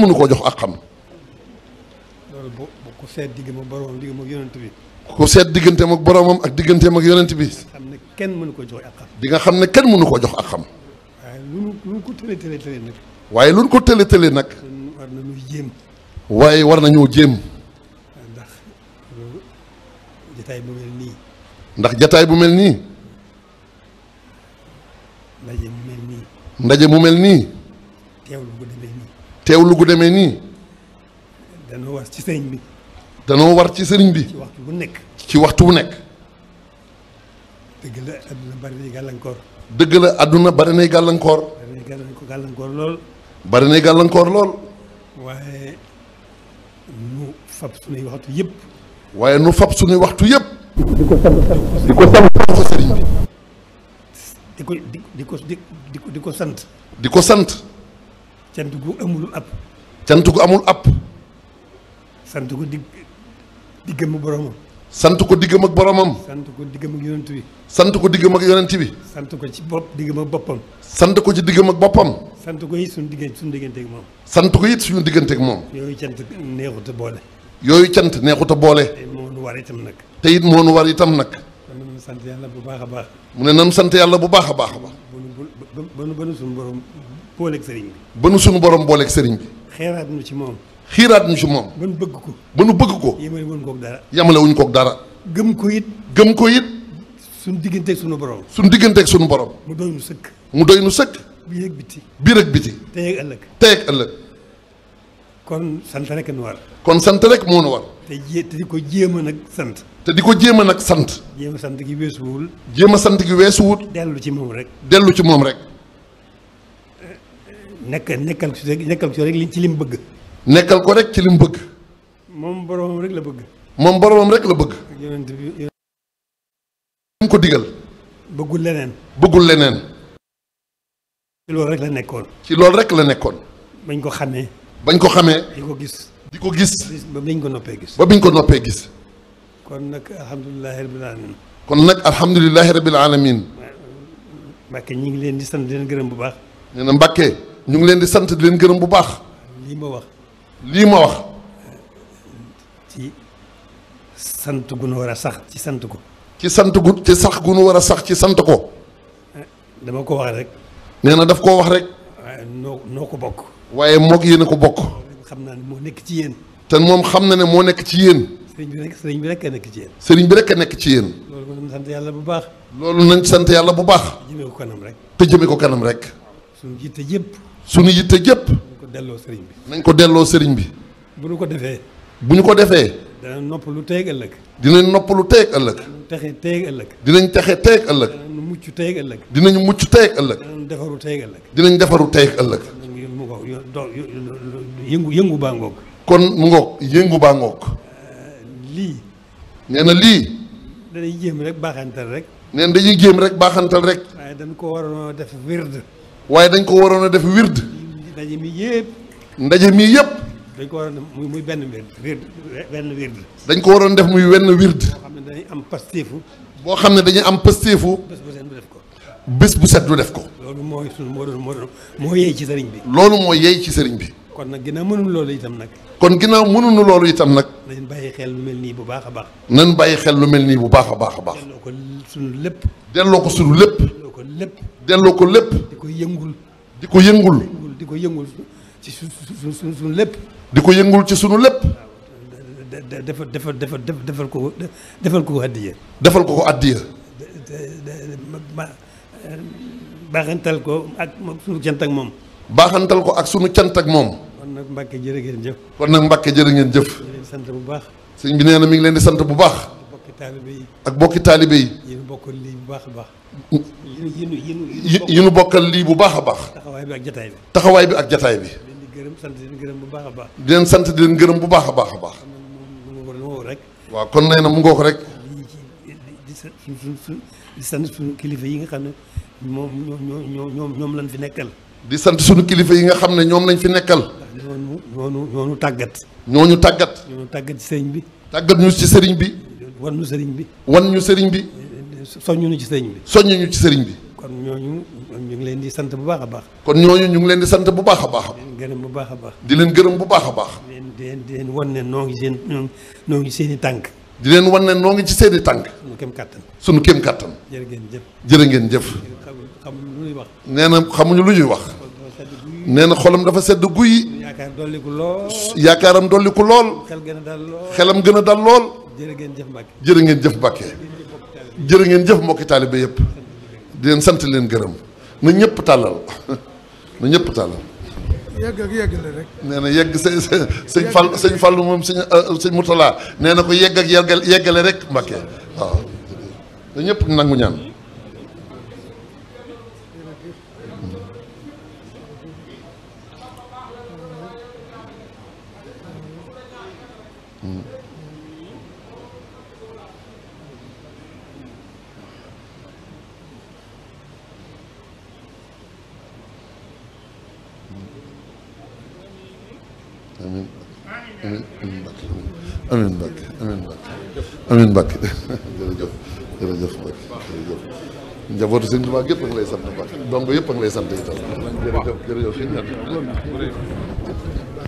mënu koo jox ak xam. loolu bu ku seet digganteem ak boromam digganteem ak yonent bi. ku seet digganteem ak boromam ak digganteem ak yonent bi. xam ne kenn mënu koo jox ak xam. nga xam ne kenn mënu koo jox ak xam. waaye lu nu ko tële tële tële nag. waaye lu nu ko tële nag. war nañu jéem. waaye war nañoo jéem. ndax jataay bu mel nii. ndax jataay bu mel nii. ndaje mu mel nii. ndaje mu teewlu gu demee nii. danoo war ci sëriñ bi. danoo war ci sëriñ bi. ci waxtu bu nekk. ci waxtu bu nekk. dëgg la àdduna bari nay gàllankoor. dëgg la àdduna bari nay gàllankoor. bari nay gàllankoor lool. bari nay gàllankoor lool. waaye nu fab sunuy waxtu yépp waaye nu fab sunuy waxtu yépp di ko sant di ko sant. di ko sant. cant gu amul app cant ko amul app sant ko dig diggam ak boromam sant ko diggam ak boromam sant ko diggam ak yonent bi sant ko diggam ak yonent bi sant ko ci bopp diggam ak boppam sant ko ci diggam ak boppam sant ko it suñu diggante suñu diggante moom sant ko it suñu diggante moom yooyu cant neexut a boole yooyu cant neexut a boole te it moo nu war itam nag te it moo nu war nag mu ne bu baax baax mu ne nan sant yàlla bu baax a baax a ba booleeg sëriñ bi. ba sunu borom booleeg sëriñ bi. xeeraat nu ci moom. xiiraat nu ci moom. ba bëgg ko. ba nu bëgg ko. yamale wuñ koog dara. yamale wuñ koog dara. gëm ko it. gëm ko it. suñ digganteeg sunu borom. suñu digganteek sunu borom. mu doy nu sëkk. mu doy nu sëkk. biir ak biti. biir ak biti. tey ak ëllëg. tey ak ëllëg. kon sant rek kon sant rek moo nu war. te jé te di ko jéem a nag sant. te di ko jéem a nag sant. jéem sant gi weesuwul. jéem a sant gi weesuwul. dellu ci moom rek. dellu ci moom rek. nekk nekkal ci rek nekkal ci rek ci lim bëgg. nekkal ko rek ci lim bëgg. moom boromam rek la bëgg. moom boromam rek la bëgg. yonent bi mu ko digal. bëggul leneen. bëggul leneen. loolu rek la nekkoon. ci loolu rek la nekkoon. bañ ko xamee. bañ ko xamee. di ko gis. di ko gis. ba biñ ko noppee gis. ba biñ ko noppee gis. kon nag alhamdulilahi rabil alamin. kon nag alhamdulilahi rabil alamin. Mbàkke ñu ngi leen di sant di leen gërëm bu baax. nee na ñu ngi leen di sant di leen gërëm bu baax. lii ma wax. lii ma wax. ci sant gu nu war a sax ci sant ko. ci sant gu ci sax gu nu war a sax ci sant ko. dama ko wax rek. nee na daf koo wax rek. waaye noo ko bokk. waaye moog yéen a ko bokk. xam naa ne moo nekk ci yéen. te moom xam na ne moo nekk ci yéen. sëriñ bi rek sëriñ bi rek a nekk ci yéen. sëriñ bi rek a nekk ci yéen. loolu nañ sant yàlla bu baax. loolu nañ sant yàlla bu baax. te jëmee ko kanam rek. te jëmee ko kanam rek. suñu jiite yëpp. suñu yitte jëpp. nañ ko delloo sëriñ bi. nañ ko delloo sëriñ bi. bu ñu ko defee. bu ñu ko defee. dinañ noppalu teeg ëllëg. dinañ noppalu teeg ëllëg. dinañ texe teeg ëllëg. dinañ texe teeg ëllëg. dinañ mucc teeg ëllëg. dinañ mucc teeg ëllëg. defaru teeg ëllëg. dinañ defaru teeg ëllëg. yëngu yëngu baa ngoog. kon mu ngoog yëngu baa ngoog. lii. nee na lii. dañuy jéem rek baaxantal rek. nee na dañuy jéem rek baaxantal rek. waaye dañ ko waroon a def wird. waaye dañ ko waroon a def wird. ndaje mi yëpp. ndaje mi yëpp. dañ ko waroon def muy benn wird benn wird. dañ ko waroon def muy wenn wird. boo xam ne dañuy am pastéefu. boo xam ne dañuy am pastéefu. bés bu set du def ko. bés bu set du def ko. loolu mooy moo doon moo doon moo yey ci sëriñ bi. loolu moo yey ci sëriñ bi. kon nag ginnaaw mënuñu loolu itam nag. kon ginnaaw mënuñu loolu itam nag. nañ bàyyi xel lu mel nii bu baax a baax. nañ bàyyi xel lu mel nii bu baax a baax a baax. delloo ko sunu lépp. delloo ko sunu lépp. delloo ko lépp. delloo ko lépp. di ko yëngul. di ko yëngul. di ko yëngul ci suñu suñu lépp. di ko yëngul ci suñu lépp. defal defal defal defal ko defal ko ko addiya. defal ko ko addiya. baaxantal ko ak suñu cant ak moom. baaxantal ko ak suñu cant ak moom. kon nag Mbàkke jërë ngeen jëf. kon nag Mbàkke jërë ngeen jëf. sant bu baax. sëñ bi nee na mi ngi leen di sant bu baax. taalibe yi ak bokki taalibe yi. yi nu lii bu baax a baax. yi nu yi nu bokkal lii bu baax a baax. taxawaay bi ak jataay bi. taxawaay bi ak jataay bi. di leen gërëm sant di leen gërëm bu baax a baax. di leen di leen gërëm bu baax a baax a baax. waaw kon nee na mu ngoo ko rek. di sant suñu kilifa yi nga xam ne moom ñoom ñoom lañ fi nekkal. di sant suñu kilifa yi nga xam ne ñoom lañ fi nekkal. ñooñu ñooñu ñooñu tàggat. ñooñu tàggat. ñooñu tàggat ci sëriñ bi. tàggat ñu ci sëriñ bi. wan ñu sëriñ bi. wan ñu sëriñ bi. soññu ñu ci sëriñ bi. soññu ñu ci sëriñ bi. kon ñooñu ñu ngi leen di sant bu baax a baax. kon ñooñu ñu ngi leen di sant bu baax a baax. di leen bu baax baax. di leen gërëm bu a baax. di leen di leen noo ngi seen noo ngi seen i tànk. di leen wan ne noo ngi ci seen i tànk. sunu kéem kattan. sunu kéem kattan. jërë ngeen jëf. jërë ngeen jëf. xamuñu lu ñuy wax. nee na xamuñu lu ñuy wax. nee na xolam dafa sedd guy. yaakaar dolliku lool. yaakaaram dolliku lool. xel gën a dal lool. xelam gën a dal lool. jërë ngeen jëf Mbacke jërë ngeen jëf Mbacke jërë ngeen jëf mbokki taalibe yëpp di len sant len gërëm na ñëpp talal na ñëpp talal yegg ak yegg la rek. nee yegg señ sëñ Fall señ fall mom señ euh, señ Moutala nee ko yegg ak yeggal rek Mbacke waaw na ñëpp nangu ñaan. Mm. amiin amiin amiin Mbacke amiin Mbacke amiin Mbacke amiin Mbacke jërëjëf jërëjëf Mbacke jërëjëf njabootu sëñ Tuubaa yëpp a ngi lay sant Mbacke dong yëpp a ngi lay sant itam jërëjëf jërëjëf